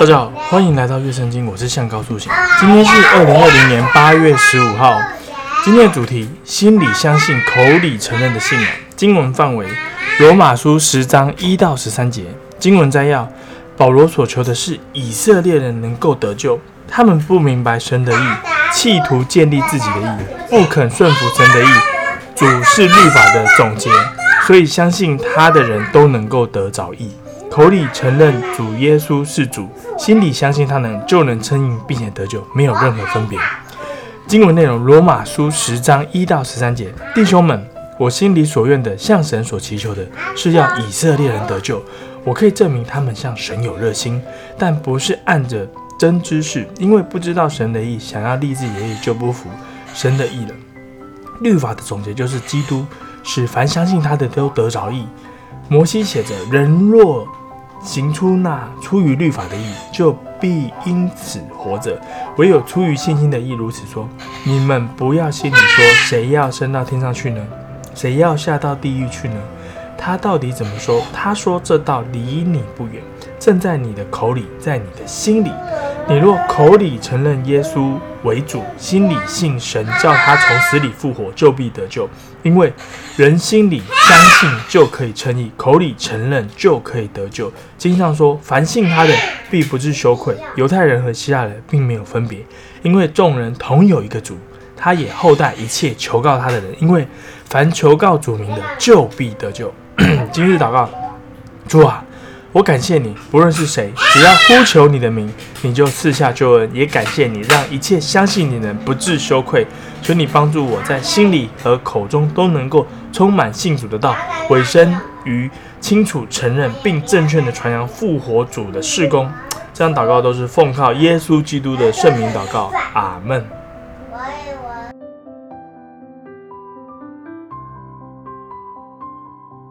大家好，歡迎來到《樂聖經》，我是向高柱賢。今天是二零二零年八月十五號。今天的主題：心裡相信，口裡承認的信仰。經文範圍：羅馬書十章一到十三節。經文摘要：保羅所求的是以色列人能夠得救。他們不明白神的義，企圖建立自己的義，不肯順服神的義。主是律法的總結，所有相信他的人都能夠得着義。口裡承認主耶穌是主，心裡相信他的人就能稱義並且得救，沒有任何分別。經文內容：羅馬書十章一到十三節。弟兄們，我心裡所願的、向神所祈求的，是要以色列人得救。我可以證明他們向神有熱心，但不是按着真知識，因為不知道神的義，想要立自己的義，就不服神的義了。律法的總結就是：基督使凡相信他的都得着義。」摩西寫着：人若行出那出於律法的義，就必因此活着；唯有出於信心的義，如此說：你們不要心裡說，誰要升到天上去呢？誰要下到地獄去呢？他到底怎麼說？他說：這道離你不遠，正在你的口裡，在你的心裡。你若口裡承認耶穌為主，心裡信神叫他從死裡復活，就必得救。因為人心裡相信，就可以稱義；口裡承認，就可以得救。經上說：凡信他的，必不至羞愧。猶太人和希臘人並沒有分別，因為眾人同有一個主，他也厚待一切求告他的人。因為凡求告主名的，就必得救。 今日禱告，主啊。我感謝你，不論是誰，只要呼求你的名，你就賜下救恩。也感謝你，讓一切相信你的人不致羞愧。求你幫助我在心裡和口中都能夠充滿信主的道，委身於清楚承認並正確的傳揚復活主的事工。這樣禱告都是奉靠耶穌基督的聖名禱告。阿門。